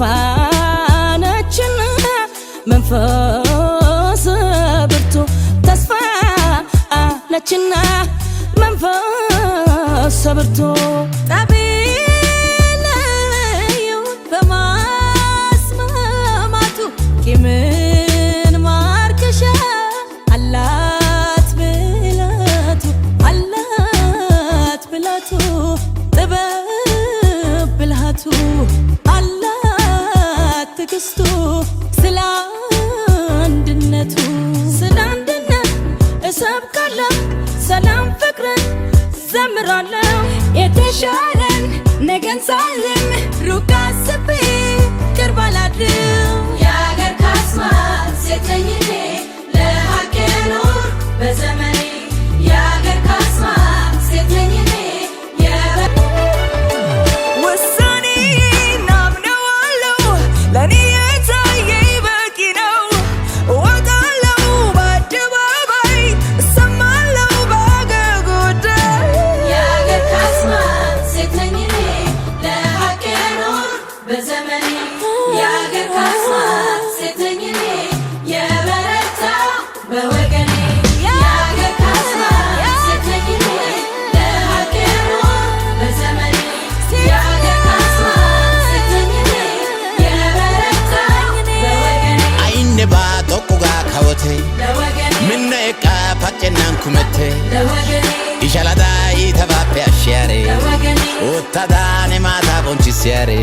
ተስፋ ነችና መንፈስ ብርቱ ተስፋ ነችና መንፈስ ብርቱ ጠቢለዩ በማስማማቱ ቂምን ማርከሻ አላት ብላቱ አላት ብለቱ ጥበብ ብልሃቱ ትዕግስቱ ስለ አንድነቱ ስለ አንድነት እሰብካለሁ፣ ሰላም ፍቅርን ዘምራለሁ። የተሻለን ነገን ሳልም ሩቅ አስቤ Namni baatoo qugaa kaawwate minna eeqaa faccennaan kumette ishaladaa itabaappe asheere uttadaa ne maataa bonchiseere.